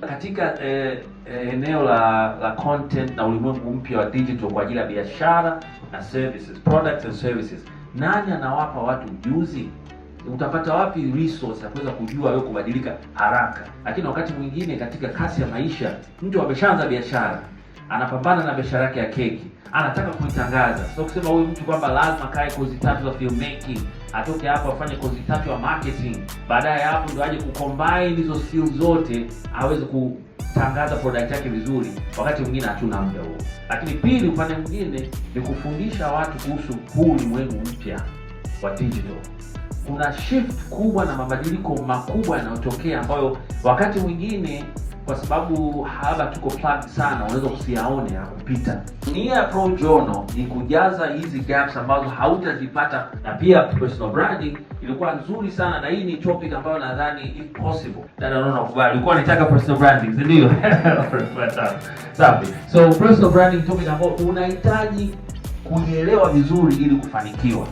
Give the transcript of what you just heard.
Katika eh, eh, eneo la la content na ulimwengu mpya wa digital kwa ajili ya biashara na services, products and services, nani anawapa watu ujuzi? Utapata wapi resource ya kuweza kujua wewe kubadilika haraka? Lakini wakati mwingine katika kasi ya maisha, mtu ameshaanza biashara, anapambana na biashara yake ya keki anataka kuitangaza. Sio kusema huyu mtu kwamba lazima akae kozi tatu za filmmaking, atoke hapo afanye kozi tatu ya marketing, baadaye hapo ndo aje kucombine hizo skills zote aweze kutangaza product yake vizuri. Wakati mwingine hatuna muda huo. Lakini pili, upande mwingine ni kufundisha watu kuhusu huu ulimwengu mpya wa digital. Kuna shift kubwa na mabadiliko makubwa yanayotokea ambayo wakati mwingine kwa sababu haba tuko flat sana, unaweza usiyaone ya kupita. Nia ya Pro Journal ni kujaza hizi gaps ambazo hautazipata, na pia personal branding ilikuwa nzuri sana, na hii ni topic ambayo nadhani if possible, dada, unaona kubali, ulikuwa unataka personal branding, si ndio? Safi. So personal branding topic ambayo unahitaji kuielewa vizuri ili kufanikiwa.